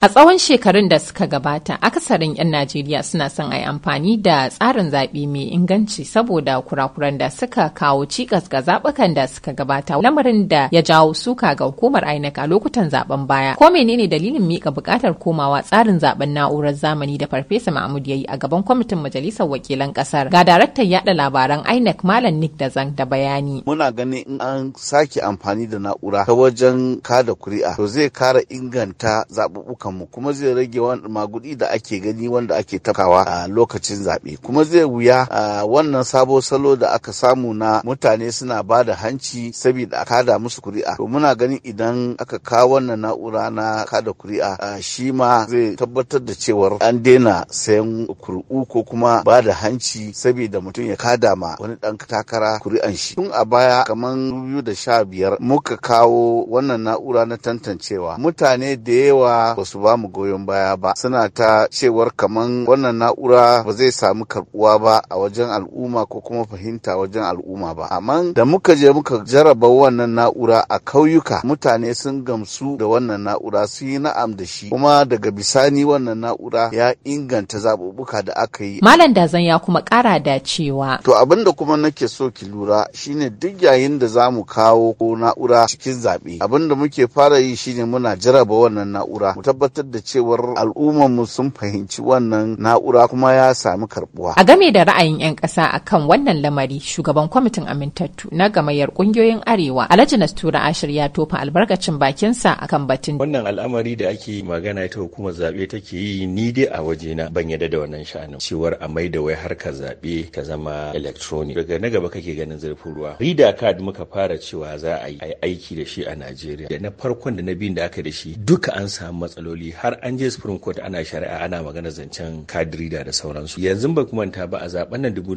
A tsawon shekarun da suka gabata, akasarin 'yan Najeriya suna son a yi amfani da tsarin zaɓe mai inganci saboda kurakuran da suka kawo cikas ga zaɓukan da suka gabata, lamarin da ya jawo suka ga hukumar INEC a lokutan zaɓen baya. Ko menene dalilin mika buƙatar komawa tsarin zaɓen na'urar zamani da Farfesa Mahmud ya yi a gaban kwamitin majalisar wakilan ƙasar? Ga daraktan yaɗa labaran INEC Malam Nick Dazan da bayani. Muna ganin in an sake amfani da na'ura ta wajen kada kuri'a, to zai kara inganta zaɓuɓɓuka kanmu kuma zai rage magudi da ake gani wanda ake takawa a lokacin zaɓe kuma zai wuya a wannan sabo salo da aka samu na mutane suna ba da hanci saboda a kada musu kuri'a to muna ganin idan aka kawo wannan na'ura na kada kuri'a shi ma zai tabbatar da cewar an daina sayan kuri'u ko kuma ba da hanci saboda mutum ya kada ma wani ɗan takara kuri'an shi tun a baya kamar biyu da sha biyar muka kawo wannan na'ura na tantancewa mutane da yawa ba su ba mu goyon baya ba suna ta cewar kaman wannan na'ura ba zai samu karbuwa ba a wajen al'umma ko kuma fahimta wajen al'umma ba amma da muka je muka jaraba wannan na'ura a kauyuka mutane sun gamsu da wannan na'ura su yi na'am da shi kuma daga bisani wannan na'ura ya inganta zaɓuɓɓuka da aka yi malam dazan ya kuma ƙara da cewa to abin da kuma nake so ki lura shine duk yayin da za mu kawo ko na'ura cikin zaɓe abin da muke fara yi shine muna jaraba wannan na'ura mu tabbatar da cewar al'ummarmu sun fahimci wannan na'ura kuma ya sami karbuwa. A game da ra'ayin 'yan ƙasa akan wannan lamari shugaban kwamitin amintattu na gamayyar ƙungiyoyin Arewa Alhaji Nastura Ashir ya tofa albarkacin bakinsa akan batun. Wannan al'amari da ake magana ita hukumar zaɓe take yi ni dai a wajena ban yadda da wannan sha'anin cewar a mai da wai harkar zaɓe ta zama electronic daga na gaba kake ganin zurfin ruwa. Rida kad muka fara cewa za a yi aiki da shi a Najeriya da na farkon da na biyun da aka da shi duka an samu matsaloli matsaloli har an je supreme court ana shari'a ana magana zancen kadirida da sauransu yanzu ba kuma ta ba a zaben nan dubu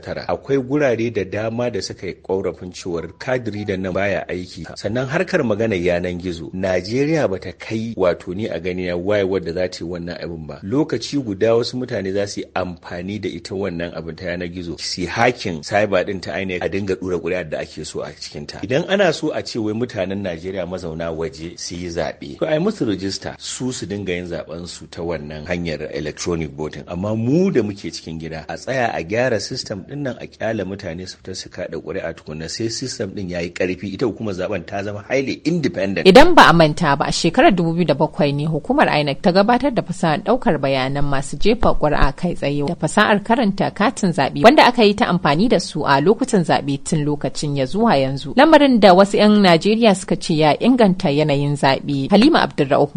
tara akwai gurare da dama da suka yi korafin cewar kadirida nan baya aiki sannan harkar magana yanan gizo najeriya ba ta kai wato ni a gani na wayewar da za ta yi wannan abin ba lokaci guda wasu mutane za su yi amfani da ita wannan abin ta yanar gizo su hakin cyber din ta ainihin a dinga dura kuri'a da ake so a cikin ta idan ana so a ce wai mutanen najeriya mazauna waje su yi zaɓe To ai musu rijista rajista su su dinga yin zaben su ta wannan hanyar electronic voting amma mu da muke cikin gida a tsaya a gyara system din nan a kyala mutane su fita su kada ƙuri'a tukunna sai system din yayi karfi ita hukumar zaben ta zama highly independent idan ba a manta ba a shekarar 2007 ne hukumar INEC ta gabatar da fasahar daukar bayanan masu jefa ƙuri'a kai tsaye da fasahar karanta katin zaɓe wanda aka yi ta amfani da su a lokutan zaɓe tun lokacin ya zuwa yanzu lamarin da wasu 'yan Najeriya suka ce ya inganta yanayin zaɓe Halima Abdulrauf